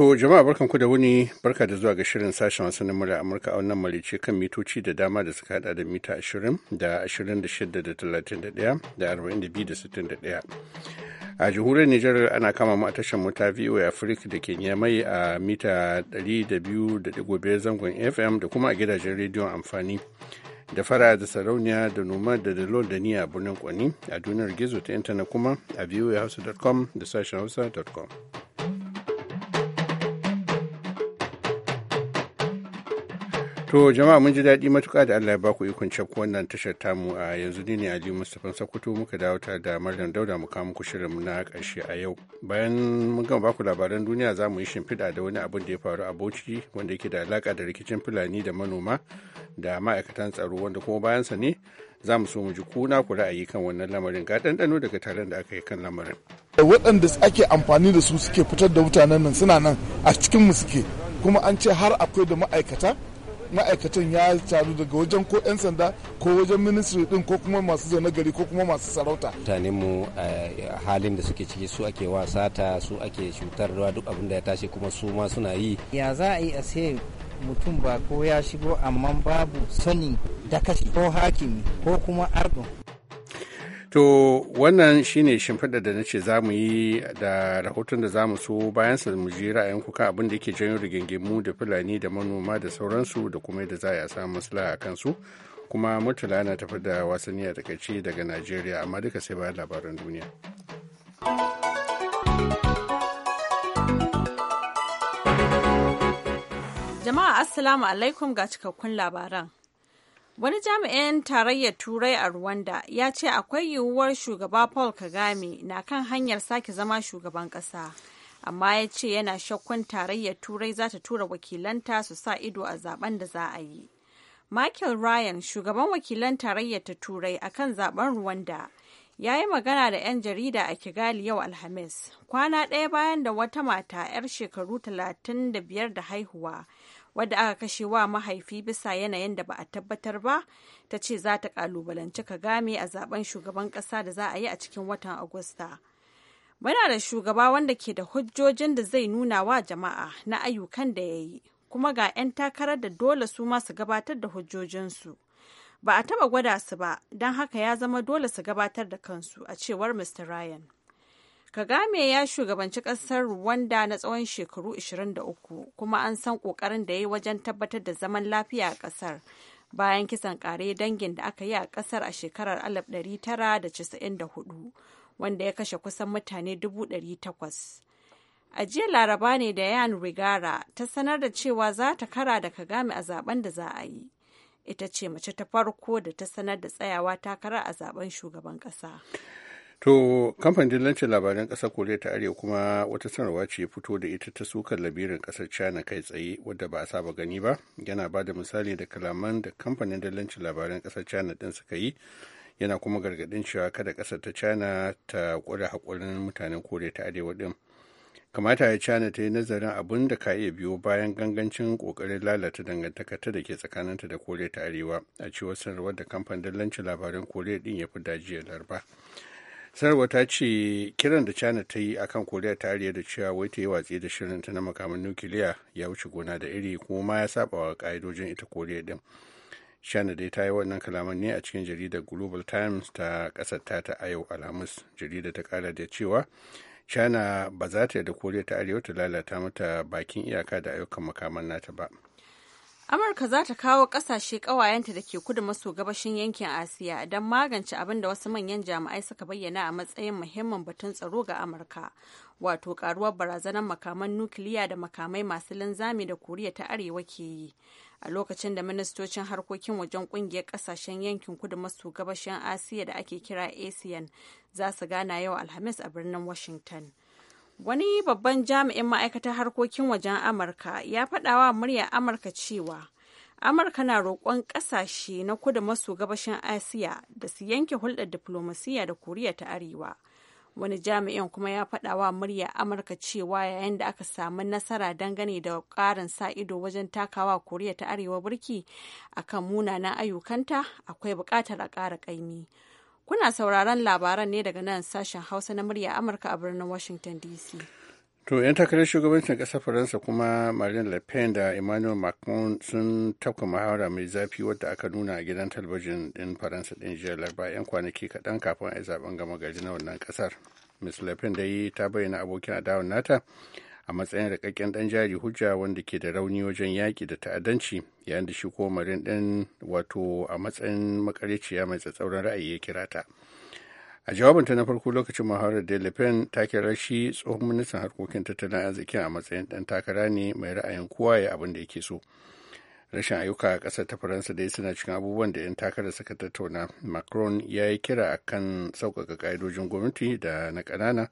To jama'a barkan ku da wuni barka da zuwa ga shirin sashen wasannin murya Amurka a wannan malice kan mitoci da dama da suka hada da mita 20 da 26 da 31 da 42 da 61. A jihuriyar Nijar ana kama mu a tashar mota VOA Africa da ke Nyamai a mita 200.5 zangon FM da kuma a gidajen rediyon amfani. da fara da sarauniya da noma da dalol da niya a birnin kwani a duniyar gizo ta intanet kuma a voahausa.com da sashen hausa.com. To jama'a mun ji daɗi matuƙa da Allah ya baku ikon cakku wannan tashar tamu a yanzu ne Aliyu Mustapha Sokoto muka dawo ta da Maryam Dauda mu kawo muku shirin na ƙarshe a yau. Bayan mun gama baku labaran duniya za mu yi shimfiɗa da wani abun da ya faru a Bauchi wanda yake da alaƙa da rikicin Fulani da manoma da ma'aikatan tsaro wanda kuma bayansa ne za mu so mu ji kuna ku ra'ayi kan wannan lamarin ga ɗanɗano daga taron da aka yi kan lamarin. Waɗanda ake amfani da su suke fitar da mutanen nan suna nan a cikinmu suke kuma an ce har akwai da ma'aikata ma'aikatan ya taru daga wajen ko 'yan sanda ko wajen ministry din ko kuma masu zaune gari ko kuma masu sarauta mutanen mu eh, halin da suke ciki su ake wasa ta su ake cutar cutarwa duk abin da ya tashi kuma su ma suna yi ya za a yi a sai mutum ba ko ya shigo amma babu sanin kashi ko hakimi ko kuma ardo To wannan shine shimfiɗa da na ce za mu yi da rahoton da za mu so bayan sa mu ji ra'ayinku kan abin da yake janyo rigingimu da Fulani da manoma da sauransu da kuma yadda za a samu maslaha a kansu. Kuma Murtala na tafi da wasanni a takaice daga Najeriya amma duka sai bayan labaran duniya. Jama'a Assalamu alaikum ga cikakkun labaran. Wani jami'in tarayyar Turai a Rwanda ya ce akwai yiwuwar shugaba Paul Kagame na kan hanyar sake zama shugaban ƙasa. Amma ya ce yana shakkun tarayyar Turai za ta tura wakilanta su sa ido a zaben da za a yi. Michael Ryan, shugaban wakilan tarayyar ta Turai kan zaben Rwanda, ya yi magana da 'yan jarida a Kigali yau Alhamis, kwana ɗaya bayan da wata mata 'yar shekaru 35 da haihuwa. wadda aka kashe wa mahaifi bisa yanayin da ba a tabbatar ba ta ce za ta kalubalanci kagame a zaben shugaban kasa da za a yi a cikin watan agusta muna da shugaba wanda ke da hujjojin da zai nuna wa jama'a na ayyukan da ya yi kuma ga 'yan takarar da dole su masu gabatar da hujjojinsu ba a taba gwada su ba don haka ya zama dole su gabatar da kansu a cewar mr ryan Kagame ya shugabanci ƙasar Rwanda na tsawon shekaru 23 kuma an san ƙoƙarin da ya yi wajen tabbatar da zaman lafiya a ƙasar bayan kisan ƙare dangin da aka yi a ƙasar a shekarar 1994 wanda ya kashe kusan mutane 800. A jiya laraba ne da Yan Rigara ta sanar da cewa za ta kara da Kagame a zaben da za a yi. Ita ce mace ta farko da ta sanar da tsayawa takara a zaben shugaban ƙasa. To kamfan dillancin labaran ƙasar Koriya ta Arewa kuma wata sanarwa ce fito da ita ta sukar labirin kasar China kai tsaye wadda ba a saba gani ba yana ba da misali da kalaman da kamfanin dillancin labaran ƙasar China ɗin suka yi yana kuma gargaɗin cewa kada ƙasar ta China ta ƙwada haƙurin mutanen Koriya ta Arewa ɗin. Kamata ya China ta yi nazarin abin da ka iya biyo bayan gangancin ƙoƙarin lalata dangantaka ta da ke tsakaninta da Koriya ta Arewa a cewar sanarwar da kamfanin dillancin labaran Koriya ɗin ya fi jiya Laraba. sanarwar ta ce kiran da china ta yi akan koriya ta arewa da cewa wai ta yi watsi da shirin ta na makaman nukiliya ya wuce gona da iri kuma ma ya saba wa ka'idojin ita koriya din china dai ta yi wannan kalaman ne a cikin jaridar global times ta kasar ta ta yau alhamis jaridar ta kara da cewa china ba za ta yi da koriya ta arewa ta lalata mata bakin iyaka da ayyukan makaman nata ba Amurka za ta kawo ƙasashe ƙawayenta da ke kudu maso gabashin yankin Asiya don magance abin da wasu manyan jami'ai suka bayyana a matsayin muhimmin batun tsaro ga Amurka, wato ƙaruwar barazanar makaman nukiliya da makamai masu linzami da Koriya ta Arewa ke yi. A lokacin da ministocin harkokin wajen ƙungiyar ƙasashen yankin kudu maso gabashin Asiya da ake kira ASEAN za su gana yau Alhamis a birnin Washington. Wani babban jami'in ma'aikatar harkokin wajen Amurka ya faɗawa muryar Amurka cewa Amurka na roƙon ƙasashe na kudu maso gabashin Asiya da su yanke hulɗar diflomasiyya da Koriya ta Arewa. Wani jami'in kuma ya faɗawa murya Amurka cewa yayin da aka samu nasara dangane da ƙarin sa ido wajen takawa Koriya ta Arewa birki akan munanan ayyukanta akwai buƙatar a ƙara ƙaimi. Kuna sauraron labaran ne daga nan sashen Hausa na murya Amurka a birnin Washington DC. To, 'yan takarar shugabancin ƙasar Faransa kuma Marine Le Pen da Emmanuel Macron sun tafka muhawara mai zafi wadda aka nuna a gidan talabijin ɗin Faransa ɗin jiya Laraba 'yan kwanaki kaɗan kafin a yi zaben gama gari na wannan ƙasar. Ms. Le Pen dai ta bayyana abokin adawar nata a matsayin rikakken dan jari hujja wanda ke da rauni wajen yaƙi da ta'addanci yayin da shi ko marin din wato a matsayin makariciya mai tsatsauran ra'ayi ya kira ta a jawabinta na farko lokacin muhawarar da le pen ta kira shi tsohon ministan harkokin tattalin arziki a matsayin dan takara ne mai ra'ayin kowa ya abin da yake so rashin ayyuka a ƙasar ta faransa dai suna cikin abubuwan da 'yan takarar suka tattauna macron ya yi kira akan sauƙaƙa ƙa'idojin gwamnati da na ƙanana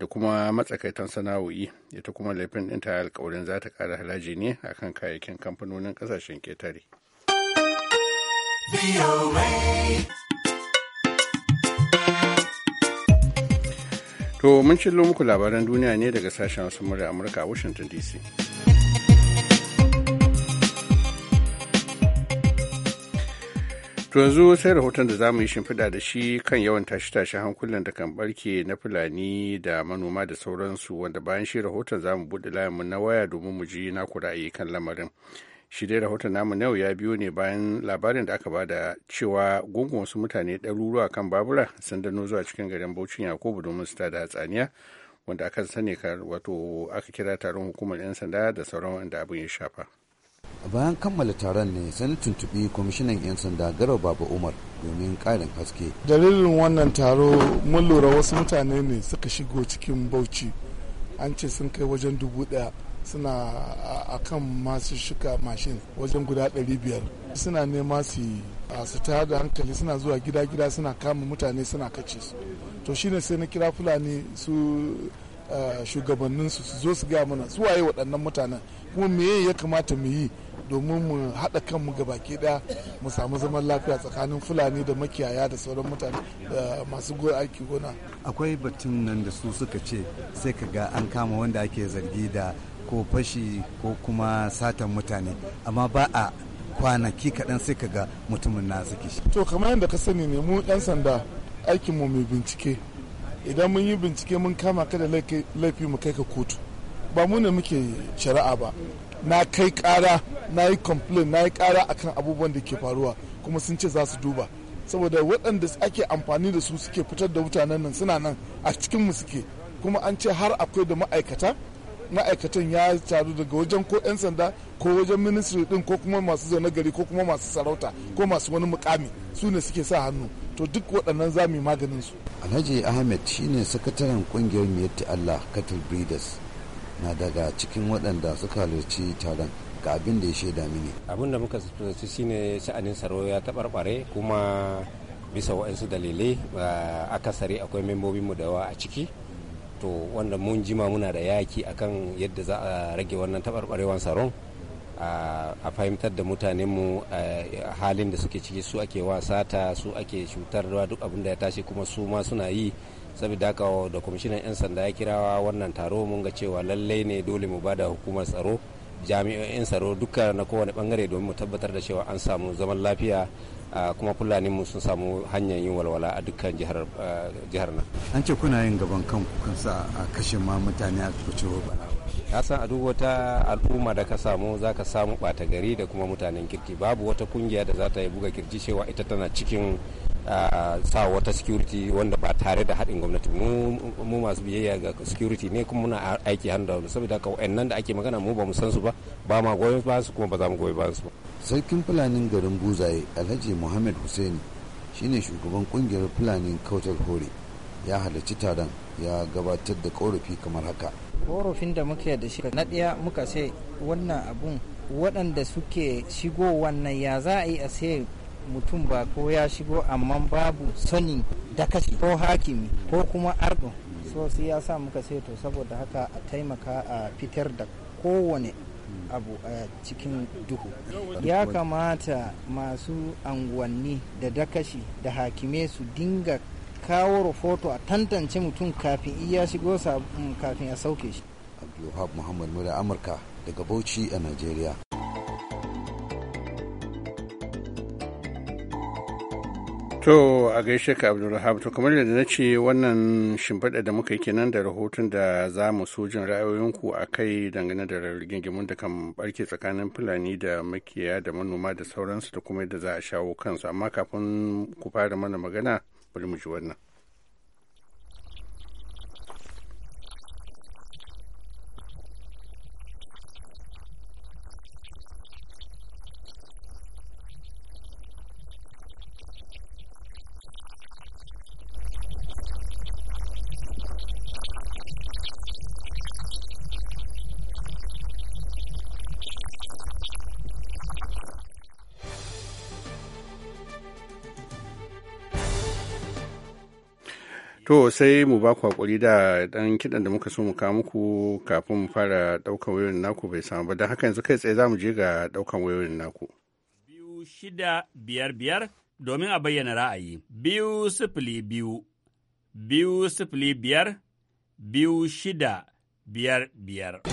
da kuma matsakaitan sana'o'i ita kuma laifin ɗinta ta alkawarin za ta ƙara haraji ne a kan kayayyakin kamfanonin ƙasashen ƙetare. To mun cillo muku labaran duniya ne daga sashen wasu murya Amurka a Washington DC. To yanzu sai rahoton da zamu yi shimfiɗa da shi kan yawan tashi tashi hankulan da kan barke na Fulani da manoma da sauransu wanda bayan shi rahoton zamu buɗe buɗe layinmu na waya domin mu ji naku ra'ayi kan lamarin. Shi dai rahoton namu na yau ya biyo ne bayan labarin da aka ba da cewa gungun wasu mutane ɗaruruwa kan babura sun dano zuwa cikin garin Bauchin Yakubu domin su tada hatsaniya wanda aka sani wato aka kira taron hukumar 'yan sanda da sauran wanda abin ya shafa. bayan kammala taron ne sai tuntubi kwamishinan 'yan sanda garau baba umar domin ƙarin haske dalilin wannan taro mun lura wasu mutane ne suka shigo cikin bauchi an ce sun kai wajen dubu daya suna a kan masu shuka mashin wajen guda 500 suna nema su su ta da hankali suna zuwa gida-gida suna kama mutane suna kace su to shine sai na kira fulani su shugabanninsu su zo su gaya mana su waye waɗannan mutanen kuma meye ya kamata mu yi domin mu haɗa kanmu ga baki ɗaya mu samu zaman lafiya tsakanin fulani da makiyaya da sauran mutane da masu goyon aiki gona akwai batun nan da su suka ce sai ka ga an kama wanda ake zargi da ko fashi ko kuma satan mutane amma ba a kwanaki kaɗan sai ka ga mutumin na shi. to kamar yadda ka sani ne mu 'yan sanda aikinmu mai bincike idan mun yi bincike mun kama ka da laifi mu kai ka kotu ba mu ne muke shari'a ba na kai kara na yi complain na yi kara akan abubuwan da ke faruwa kuma sun ce za su duba saboda waɗanda ake amfani da su suke fitar da mutanen nan suna nan a cikin mu suke kuma an ce har akwai da ma'aikata ma'aikatan ya taru daga wajen ko 'yan sanda ko wajen ministry din ko kuma masu zaune gari ko kuma masu sarauta ko masu wani mukami su ne suke sa hannu to duk waɗannan za mu yi maganin su alhaji ahmed shine sakataren kungiyar miyatti allah cattle breeders na daga cikin waɗanda suka halarci taron ga abin da ya shaida mini abin da muka fuskanci shine sha'anin tsaro ya taɓarɓare kuma bisa waɗansu dalilai akasari akwai membobin mu da yawa a ciki to wanda mun jima muna da yaki akan yadda za a rage wannan taɓarɓarewan tsaron a fahimtar da mutanenmu a halin da suke ciki su ake wasata su ake cutarwa duk abin da ya tashi kuma su ma suna yi saboda haka da kwamishinan 'yan sanda ya kirawa wannan taro mun ga cewa lallai ne dole mu bada hukumar tsaro jami'o'in tsaro duka na kowane bangare domin mu tabbatar da cewa an samu zaman lafiya kuma fulani mu sun samu hanyar yin walwala a dukkan jihar nan an ce kuna yin gaban kanku kansa a kashe ma mutane a cikin bala ya san a duk wata al'umma da ka samu za ka samu ɓata gari da kuma mutanen kirki babu wata kungiya da za ta yi buga kirji cewa ita tana cikin sa wata security wanda ba tare da haɗin gwamnati mu masu biyayya ga security ne kuma muna aiki hannu da wani saboda haka wa'annan da ake magana mu ba mu san su ba ba ma goyon ba su kuma ba za mu goyi ba su ba sarkin fulanin garin buzaye alhaji muhammad hussein shine shugaban kungiyar fulanin kautar hore ya halarci taron ya gabatar da korafi kamar haka korafin da muke da shi na ɗaya muka ce wannan abun waɗanda suke shigo wannan ya za a yi a sai mutum ba ko ya shigo amma babu sanin dakashi ko hakimi ko kuma ardo so sai ya sa muka sai to saboda haka a taimaka a fitar da kowane abu a cikin duhu ya kamata masu anguwanni da dakashi da hakime su dinga kawo rahoto a tantance mutum kafin iya shigo mm, kafin a sauke shi abdulwahab muhammad mura amurka daga bauchi a nigeria To a gaishe ka Abdulrahab to kamar yadda na ce wannan shimfiɗa da muka yi kenan da rahoton da za mu so jin ra'ayoyinku a kai dangane da rigingimun da kan barke tsakanin Fulani da makiyaya da manoma da sauransu da kuma yadda za a shawo kansu amma kafin ku fara mana magana bari mu ji wannan To sai mu ba ku hakuri da dan kidan da muka so mu kawo muku kafin mu fara daukan wayoyin naku bai samu ba don haka yanzu kai tsaye za mu je ga daukan wayoyin naku. Biyu shida biyar biyar domin a bayyana ra'ayi. Biyu sifili biyu, biyu sifili biyar, biyu shida biyar biyar.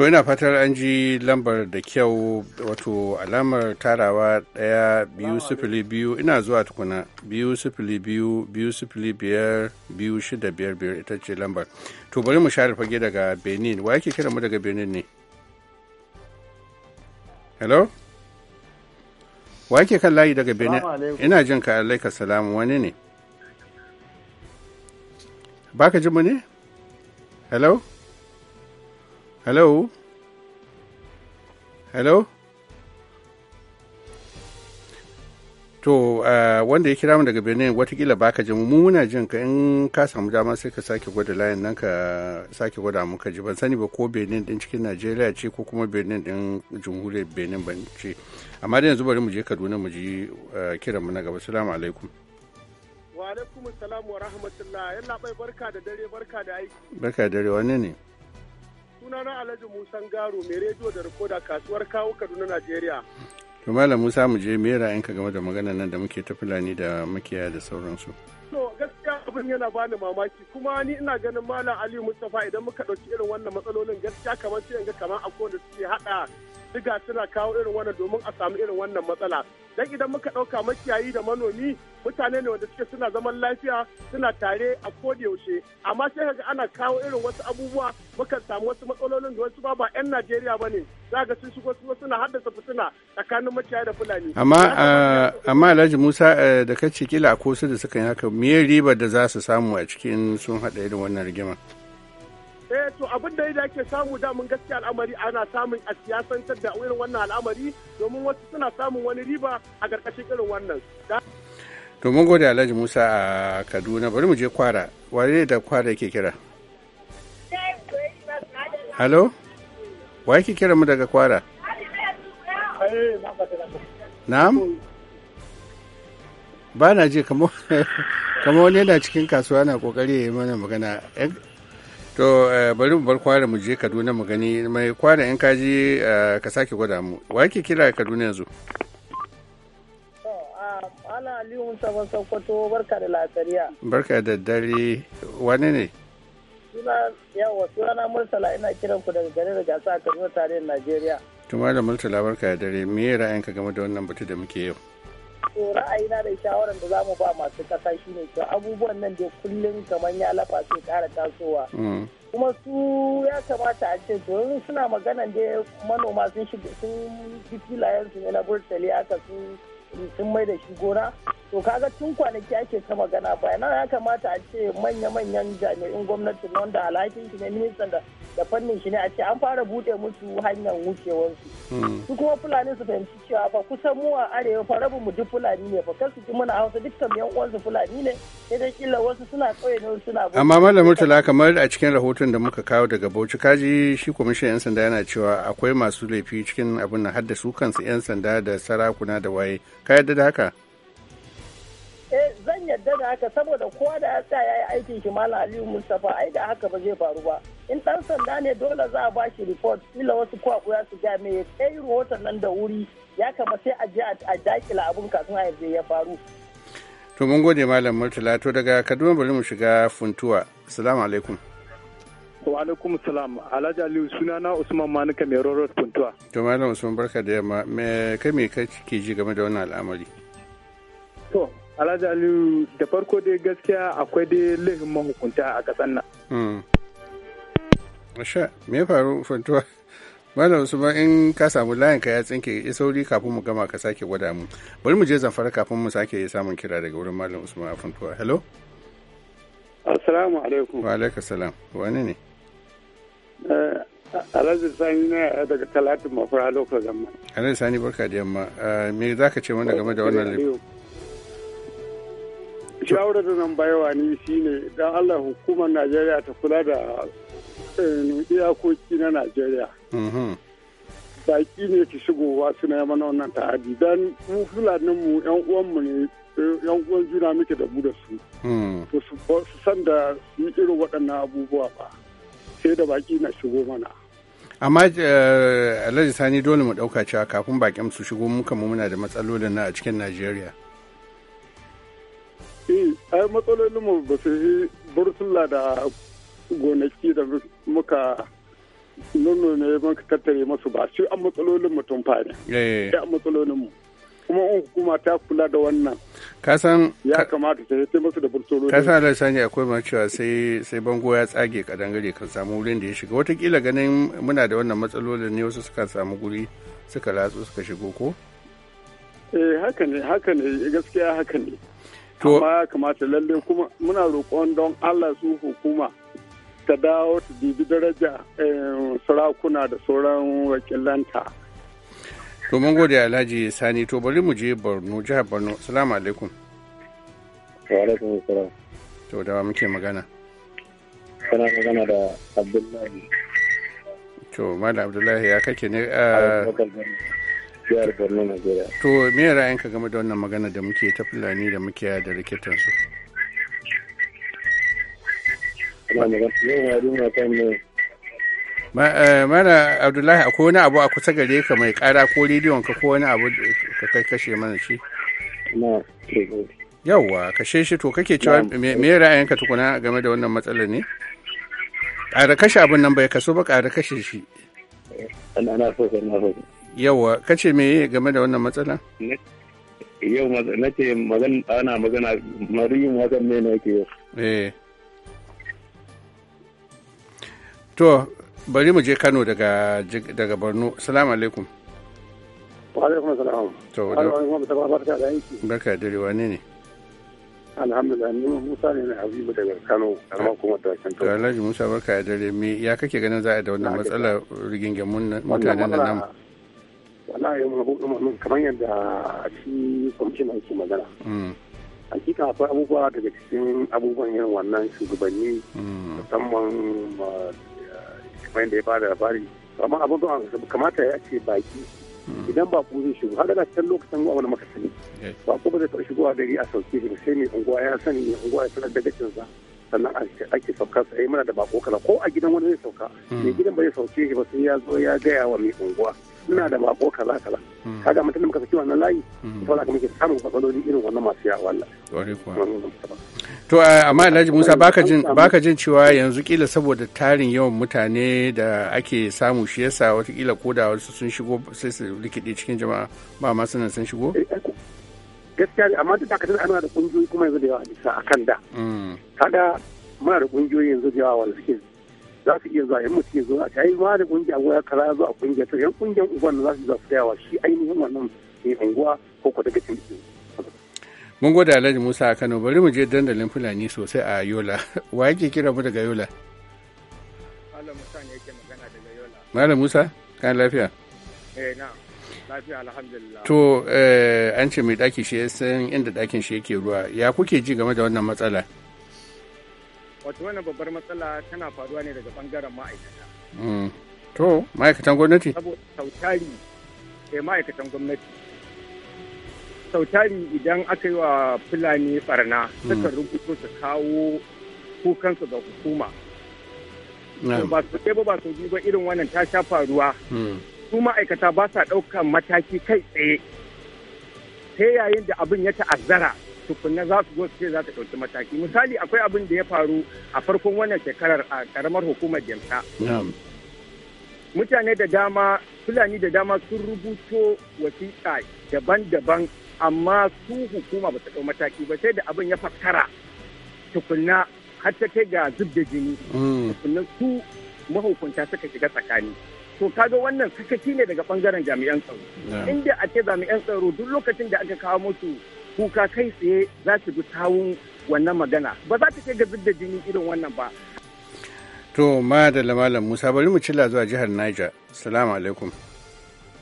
to ina fatar an ji lambar da kyau wato alamar tarawa ɗaya biyu sifili biyu ina zuwa tukuna biyu sifili biyu biyu sifili biyar biyu shida biyar biyar ita ce lambar to bari mu share fage daga benin wa yake kira mu daga benin ne hello wa yake kan layi daga benin ina jin ka alaika salamu wani ne baka ji mu ne hello Hello? Hello? To, eh, wanda ya kira mu daga Benin watakila baka jin muna jin ka in ka samu dama sai ka sake gwada layin nan ka sake gwada muka ji ban sani ba ko Benin din cikin Najeriya ce ko kuma Benin din jamhuriyar Benin ban ce. Amma da yanzu bari mu je Kaduna mu ji eh, kiran mu na gaba. Assalamu alaikum. Wa alaikum assalam wa rahmatullah. Yalla bai barka da dare barka da aiki. Barka da dare wanne ne? sunana Alhaji Musan Garo mai rediyo da rikoda kasuwar kawo Kaduna Najeriya. To Malam Musa mu je in ka game da maganar nan da muke ta Fulani da makiyaya da sauransu. To gaskiya abin yana bani mamaki kuma ni ina ganin Malam Ali Mustafa idan muka ɗauki irin wannan matsalolin gaskiya kamar sai ga kamar akwai da suke haɗa diga suna kawo irin wannan domin a samu irin wannan matsala dan idan muka ɗauka makiyayi da manomi mutane ne wanda suke suna zaman lafiya suna tare a yaushe amma sai kaga ana kawo irin wasu abubuwa muka samu wasu matsalolin da wasu ba ba 'yan najeriya ba ne za ka sun shigo suna haddasa fitina tsakanin makiyayi da fulani amma amma alhaji musa eh, da kace kila a kosu da suka yi haka me ribar da za su samu a cikin sun haɗa irin wannan rigima to abin da da ake samu damun gaskiya al'amari ana samun a siyasantar da irin wannan al'amari domin wasu suna samun wani riba a ƙarƙashin irin wannan. Domin gode Alhaji Musa a Kaduna bari mu je kwara wane da kwara yake kira? Halo? Wa yake kira mu daga kwara? Na'am? Ba na je kamar wani yana cikin kasuwa na kokari ya yi mana magana. To eh, bari mu bar kwara mu je Kaduna mu gani mai kwara in kaji eh, ka sake gwada mu. Wa yake kira Kaduna yanzu? Ana Aliyu Mustapha Sokoto barka da lasariya. Barka da dare wani ne? Suna yawa sunana Murtala ina kiran ku daga garin Gasa a Kaduna tarihin Najeriya. tumar da Murtala barka da dare me ra'ayinka game da wannan batu da muke yau? ra'ayi na da shawaran da zamu ba masu kasa ne to abubuwan nan da kullum kamar ya lafa sai kara tasowa mm. kuma su ya kamata a ce to suna magana da manoma sun shiga sun filayen su ne na burtali aka sun sun mai da shi gona to kaga tun kwanaki ake ta magana bayan ya kamata a ce manya-manyan jami'in gwamnati wanda alhakin shi ne ministan da fannin shi ne a ce an fara bude musu hanyar wucewarsu hmm. su kuma fulani su fahimci cewa fa kusan mu a arewa fa rabin mu duk fulani ne fa kar su ji muna hausa dukkan yan uwansu fulani ne sai dai kila wasu suna tsaye ne suna amma malam murtala kamar a cikin rahoton da muka kawo daga bauchi kaji shi kwamishin yan sanda yana cewa akwai masu laifi cikin abin nan har da su kansu yan sanda da sarakuna da waye ka yarda da haka eh zan yarda da haka saboda kowa da ya tsaya ya aikin shi malam aliyu mustapha ai da haka ba zai faru ba in dan sanda ne dole za a ba shi report kila wasu kwakuya su ga me ya kai rahoton nan da wuri ya kama sai a je a dakila abun kafin a yarda ya faru to mun gode malam murtala to daga kaduna bari mu shiga funtuwa assalamu alaikum wa alaikum salam alhaji aliyu suna na usman manuka mai rorot puntuwa to malam usman barka da yamma me kai me ka ke ji game da wannan al'amari to alhaji aliyu da farko dai gaskiya akwai dai laifin mahukunta a kasan nan hmm. Asha, me ya faru funtuwa? Malam Usman in ka samu layin ka ya tsinke ya sauri kafin mu gama ka sake gwada mu. Bari mu je zamfara kafin mu sake samun kira daga wurin Malam Usman a funtuwa. Hello? Assalamu alaikum. Wa alaikum salam. Wani ne? Eh, Alhaji Sani na daga Talatin Mafura Local Government. Alhaji Sani barka da yamma. Eh, me za ka ce wani game da wannan laifin? Shawarar da nan baiwa ni shine don Allah hukumar Najeriya ta kula da eh, iyakoki na Najeriya. Mhm. Baki ne ke shigowa suna yi mana wannan ta'adi don mu fulanin mu yan uwanmu ne yan uwan juna muke da mu da su. Hmm. To su san da su irin waɗannan abubuwa ba. sai da baki na shigo mana amma eh, alhaji sani dole mu ɗauka cewa kafin bakin su shigo muka mu muna da matsalolin na a cikin najeriya eh ai matsalolin mu ba su yi burtula da gonaki da muka nuno ne muka tattare masu ba su an matsalolin mutum fa ne eh an matsalolin mu kuma in hukuma ta kula da wannan ya kamata ta yi musu da ka kasan da sani akwai ma cewa sai sai bango ya tsage kadangare kan samu wurin da ya shiga watakila ganin muna da wannan matsalolin ne wasu suka samu guri suka latsu suka shigo ko eh haka ne haka ne gaskiya haka ne to amma ya kamata lalle kuma muna roƙon don Allah su hukuma ta dawo ta dibi daraja eh, sarakuna da sauran wakilanta to mun gode alhaji sani to bari mu je borno jihar borno assalamu alaikum wa alaikum salam. to da muke magana kana magana da abdullahi to malam abdullahi ya kake ne a ah, jihar borno nigeria to me ra'ayinka game da wannan magana da muke ta fulani da muke da rikitan su magana yau na kan ne mana eh, abdullahi akwai wani abu a kusa gare ka mai kara ko rediyon ka ko wani abu ka kai kashe mana shi yawwa kashe shi to kake cewa me ka tukuna game da wannan matsalar ne ƙara kashe abin nan bai kaso ba ƙara kashe shi yawwa kace me game da wannan matsala yau na ce magana ana magana mariyin wajen ne na yake yau eh. to bari mu je Kano daga daga Borno assalamu alaikum wa alaikum assalam to barka da da ne ne alhamdulillah ni Musa ne na Habibu daga Kano amma kuma da kan to Alhaji Musa barka da dare me ya kake ganin za a da wannan matsalar rigingimun mutanen nan namu wallahi mun kaman yadda shi kwamishin ke magana mm. hakika akwai abubuwa daga cikin abubuwan yin wannan shugabanni mm. musamman uh, kamar yadda ya fara labari amma abin ba kamata ya ce baki hmm. idan ba ku zai shigo har da can lokacin gwamnati maka sani ba ku ba zai taɓa a gari a sauke shi sai mai unguwa ya sani mai unguwa ya sanar da sa sannan ake sauka sai mana da bako kala ko a gidan wani zai sauka hmm. mai gidan ba zai sauke shi ba sai ya zo ya gaya wa mai unguwa ina da bako kaza kaza hmm. kaga mutum da muka saki wannan layi hmm. to za ka muke samun matsaloli irin wannan masu yawa wallahi to eh, amma Alhaji Musa baka jin baka jin cewa yanzu kila saboda tarin yawan mutane da ake samu shi yasa wata kila koda wasu sun shigo sai su rikide cikin jama'a ba ma sanin sun shigo eh, eh, gaskiya amma duk da ka tana da kungiyoyi kuma yanzu da yawa a kan da hmm. kaga muna da kungiyoyi yanzu da yawa wanda suke za su iya zuwa yan mutum ya zo a ta yi ma da kungiya ko ya kara a kungiya to yan kungiyan uban za su zafi su yawa shi ainihin wannan ne unguwa ko ko daga cikin mun gwada alhaji musa a kano bari mu je dandalin fulani sosai a yola wa yake kira mu daga yola malam musa ne yake magana daga yola malam musa kan lafiya eh na lafiya alhamdulillah to eh, an ce mai daki shi ya san inda dakin shi yake ruwa ya kuke ji game da wannan matsala wato wannan babbar matsala tana faruwa ne daga bangaren ma'aikata hmm. to ma'aikatan gwamnati Sabu, sautari eh ma'aikatan gwamnati sautari idan aka yi wa fulani barna hmm. suka rubuto su kawo kukansu ga hukuma ba su ba ba su ba irin wannan ta sha faruwa hmm. su ma'aikata ba sa ɗaukan mataki kai tsaye sai yayin da abin ya ta'azzara tukunna za su zo su za ta ɗauki mataki misali akwai abin da ya faru a farkon wannan shekarar a karamar hukumar jamta mutane da dama fulani da dama sun rubuto wasiƙa daban-daban amma su hukuma ba ta ɗau mataki ba sai da abin ya fakara tukunna har ta kai ga zub da jini mm. tukunna su mahukunta suka shiga tsakani to kaga wannan sakaci ne daga bangaren jami'an tsaro inda a ce jami'an tsaro duk lokacin da aka kawo musu kuka kai tsaye za su bi tawun wannan magana ba za ta kai ga da jini irin wannan ba to ma da malam musa bari mu cilla zuwa jihar niger salamu alaikum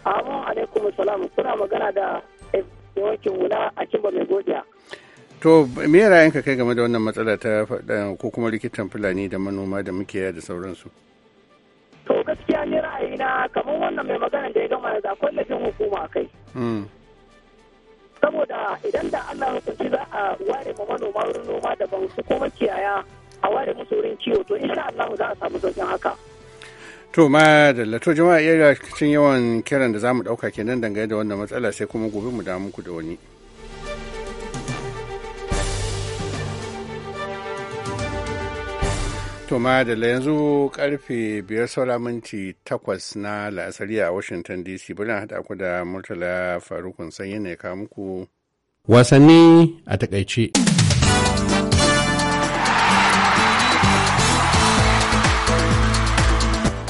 Assalamu alaikum salam suna magana da yawancin wula a kimba mai godiya. To me yanka kai game da wannan matsala ta ko kuma likitan fulani da manoma da muke yaya da sauransu? To gaskiya ne ra'ayina kamar wannan mai magana da ya gama da akwai laifin hukuma kai. Hmm. saboda idan da Allah ya kunci za a ware ma manoma wurin noma daban su kuma kiyaya a ware musu wurin kiwo to insha Allah za a samu sauƙin haka to ma da lato jama'a iya cikin yawan kiran da zamu dauka kenan dangane da wannan matsala sai kuma gobe mu damu ku da wani Tuma da yanzu karfe biyar saura minti takwas na la'asari a Washington DC bari haɗa ku da Murtala Farukun sanyi ne ka muku. Wasanni a takaice.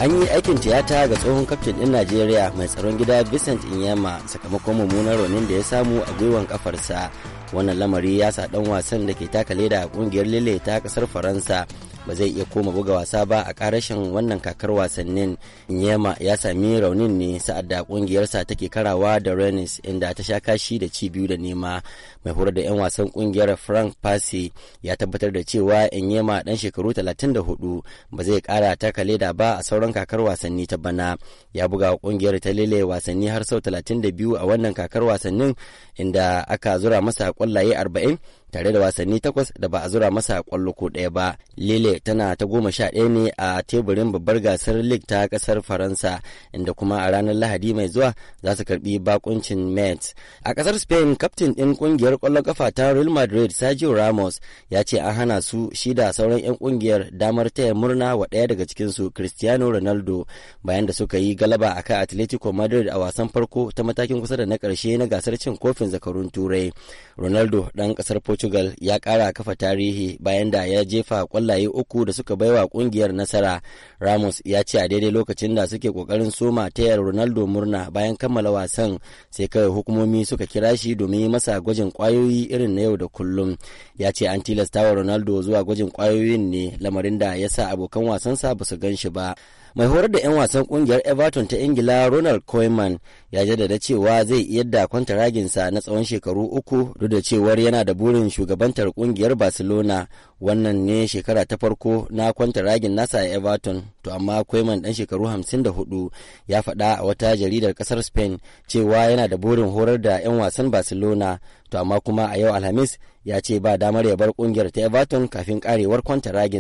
An yi aikin tiyata ga tsohon kaftin ɗin Najeriya mai tsaron gida Vincent Inyama sakamakon mummunan raunin da ya samu a gwiwan kafarsa. Wannan lamari ya sa ɗan wasan da ke taka leda a ƙungiyar lele ta ƙasar Faransa ba zai iya koma buga wasa ba a karashin wannan kakar wasannin yema ya sami raunin ne sa'ad da kungiyarsa take karawa da renis inda ta sha kashi da ci biyu da nema mai horar da 'yan wasan kungiyar frank pasi ya tabbatar da cewa yema dan shekaru talatin da hudu ba zai kara taka leda ba a sauran kakar wasanni ta bana ya buga wa kungiyar ta lele wasanni har sau talatin da biyu a wannan kakar wasannin inda aka zura masa kwallaye arba'in. tare da wasanni takwas da ba a zura masa kwallo ko ɗaya ba lille tana ta goma sha ɗaya ne a teburin babbar gasar league ta ƙasar faransa inda kuma a ranar lahadi mai zuwa za su karbi bakuncin met a ƙasar spain kaftin ɗin ƙungiyar ƙwallon kafa ta real madrid sergio ramos ya ce an hana su shi da sauran 'yan ƙungiyar damar taya murna wa ɗaya daga cikinsu cristiano ronaldo bayan da suka yi galaba akan atletico madrid a wasan farko ta matakin kusa da na ƙarshe na gasar cin kofin zakarun turai ronaldo ɗan ƙasar Portugal ya kara kafa tarihi bayan da ya jefa kwallaye uku da suka baiwa kungiyar nasara. Ramos ya ce a daidai lokacin da suke kokarin soma tayar Ronaldo murna bayan kammala wasan sai kawai hukumomi suka kira shi domin yi masa gwajin kwayoyi irin na yau da kullum. Ya ce an tilastawa Ronaldo zuwa gwajin kwayoyin ne lamarin da ya sa abokan wasansa ba su gan shi ba. mai horar da 'yan wasan kungiyar everton ta ingila ronald koeman ya jaddada cewa zai yadda raginsa na tsawon shekaru uku duk da cewar yana da burin shugabantar kungiyar barcelona wannan ne shekara ta farko na kwanta ragin nasa a everton to amma koeman dan shekaru hamsin da hudu ya faɗa a wata jaridar kasar spain cewa yana da burin horar da 'yan wasan barcelona to amma kuma a yau alhamis ya ce ba damar ya bar kungiyar ta everton kafin karewar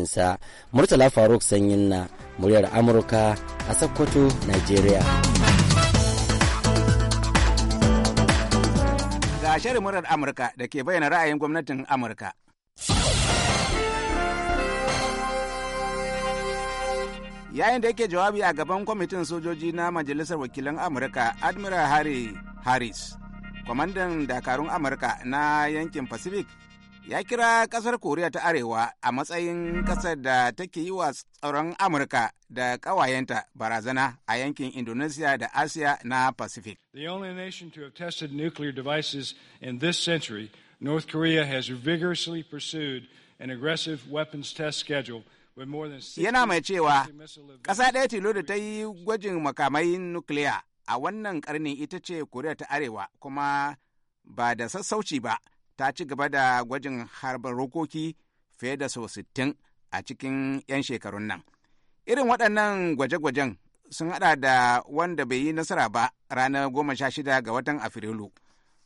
sa murtala faruk sanyin na muryar amurka a sokoto nigeria ga shirin murar amurka da ke bayyana ra'ayin gwamnatin amurka yayin da yake jawabi a gaban kwamitin sojoji na majalisar wakilan amurka admiral harry harris kwamandan dakarun amurka na yankin pacific ya kira kasar koriya ta arewa a matsayin kasar da take yi wa tsaron amurka da ƙawayenta barazana a yankin indonesia da asiya na pacific the only nation to have tested nuclear devices in this century north korea has vigorously pursued an aggressive weapons test schedule yana mai cewa kasa ɗaya tilo da ta yi gwajin makamai nukiliya a wannan karni ita ce koriya ta arewa kuma ba da sassauci ba ta ci gaba da gwajin harbar rokoki fiye da sau sittin a cikin 'yan shekarun nan irin waɗannan gwaje-gwajen sun haɗa da wanda bai yi nasara ba ranar goma sha shida ga watan afrilu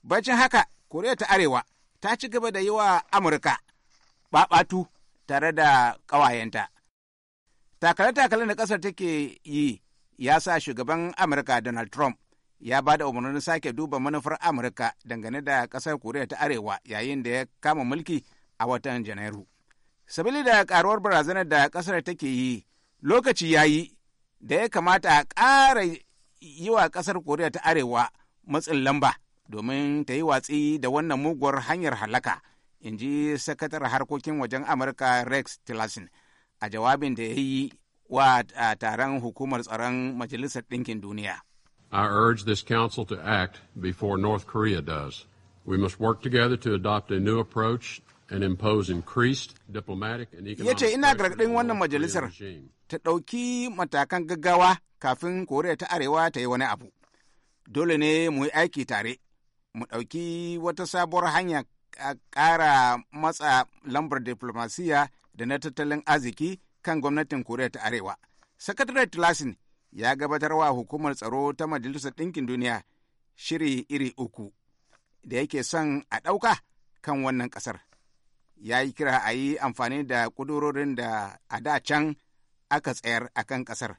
bacin haka koriya ta arewa ta ci gaba da yi wa amurka ɓaɓatu tare da ƙawayenta takale-takale da ƙasar take yi ya sa shugaban Amurka Donald Trump ya ba da umarnin sake duba manufar Amurka dangane da ƙasar Koriya ta Arewa yayin da ya kama mulki a watan Janairu. Sabili da karuwar barazanar da ƙasar take yi, lokaci ya yi da ya kamata a ƙara yi wa ƙasar Koriya ta Arewa matsin lamba domin ta yi watsi da wannan muguwar hanyar halaka, in ji sakatar harkokin wajen Amurka Rex Tillerson a jawabin da ya yi wa taron hukumar tsaron Majalisar Ɗinkin Duniya. I urge this council to act before North Korea does. We must work together to adopt a new approach and impose increased diplomatic and economic Yace ina gargaɗin wannan majalisar ta ɗauki matakan gaggawa kafin Koriya ta Arewa ta yi wani abu. Dole ne mu yi aiki tare, mu ɗauki wata sabuwar hanya ƙara matsa lambar diplomasiya da na tattalin arziki kan gwamnatin Koriya ta Arewa. Sakataren Tilasin ya gabatar wa hukumar tsaro ta Majalisar Ɗinkin Duniya shiri iri uku da yake son a ɗauka kan wannan ƙasar. Ya yi kira a yi amfani da ƙudurorin da a da can aka tsayar a kan ƙasar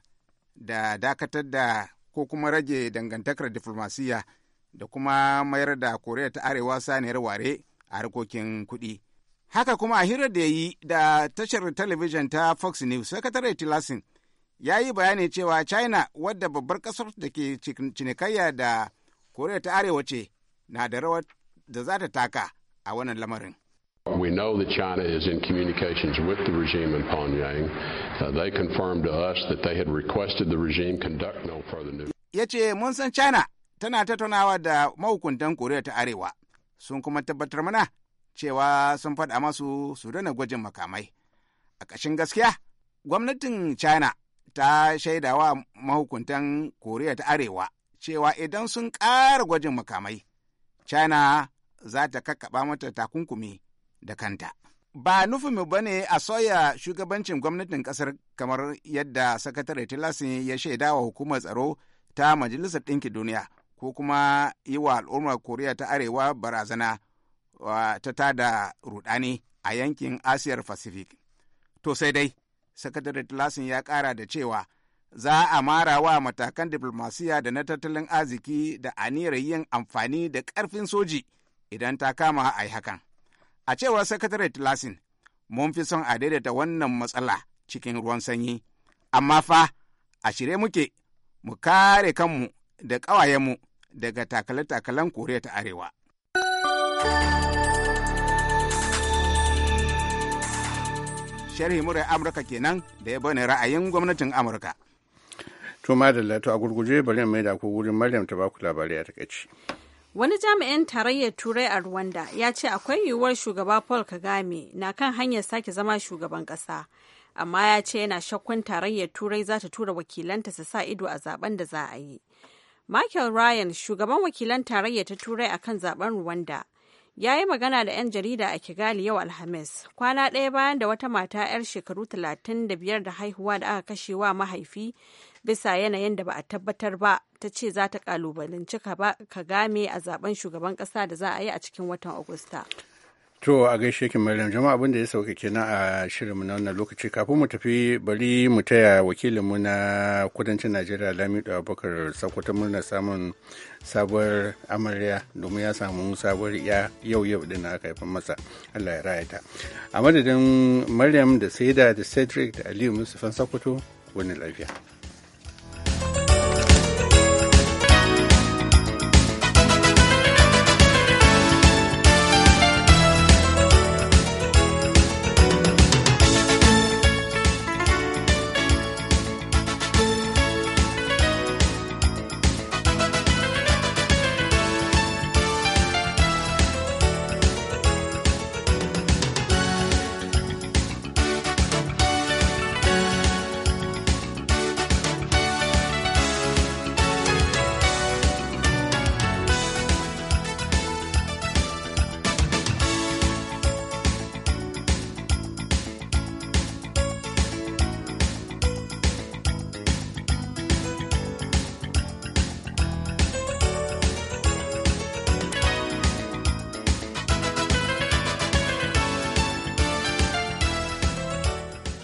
da dakatar da ko kuma rage dangantakar diflomasiyya da kuma mayar da Koriya ta Arewa saniyar ware a harkokin kuɗi. haka kuma a hirar da ya yi da tashar talabijin ta fox news sakatare tilasin ya yi bayani cewa china wadda babbar kasar da ke cinikayya da koriya ta arewa ce na da rawar da za ta taka a wannan lamarin We know that China is in communications with the regime in Pyongyang. Uh, they confirmed to us that they had requested the regime conduct no further new. Ya ce mun san China tana tattaunawa da mahukuntan Koriya ta Arewa sun kuma tabbatar mana cewa sun faɗa masu su daina gwajin makamai a ƙashin gaskiya gwamnatin china ta shaidawa mahukuntan koriya ta arewa cewa idan sun ƙara gwajin makamai china za ta kakkaɓa mata takunkumi da kanta ba nufin ba bane a soya shugabancin gwamnatin ƙasar kamar yadda sakatare tilasin ya shaidawa hukumar tsaro ta majalisar ɗinkin duniya ko kuma yi wa al'ummar koriya ta arewa barazana ta tada rudani a yankin asiyar pacific to sai dai sakatare tilasin ya kara da cewa za a mara wa matakan diplomasiya da na tattalin arziki da aniyar yin amfani da karfin soji idan ta kama a yi hakan a cewa, sakatare tilasin mun fi son a daidaita wannan matsala cikin ruwan sanyi amma fa a shirye muke mu kare kanmu da ƙawayenmu daga takale-takalen koriya ta arewa sharhi murai Amurka kenan da ya bane ra'ayin gwamnatin Amurka. To madalla to a gurguje bari mai da ku wurin Maryam ta baku labarai a takaici. Wani jami'in tarayyar Turai a Rwanda ya ce akwai yiwuwar shugaba Paul Kagame na kan hanyar sake zama shugaban kasa, Amma ya ce yana shakkun tarayyar Turai za ta tura wakilanta su sa ido a zaben da za a yi. Michael Ryan, shugaban wakilan tarayya ta Turai akan kan zaben Rwanda, ya yi magana da 'yan jarida a kigali yau alhamis kwana ɗaya bayan da wata mata 'yar shekaru 35 da haihuwa da aka kashe wa mahaifi bisa yanayin da ba a tabbatar ba ta ce za ta kalubalanci kagame a zaben shugaban ƙasa da za a yi a cikin watan agusta To a gaishe ki Maryam jama'a abin da ya sauka kenan a shirin na wannan lokaci kafin mu tafi bari mu taya wakilin mu na kudancin Najeriya Lamido Abubakar Sokoto murna samun sabuwar amarya domin ya samu sabuwar ya yau yau din aka haifa masa Allah ya raya ta. A madadin Maryam da Saida da Cedric da Aliyu Mustafa sakoto wani lafiya.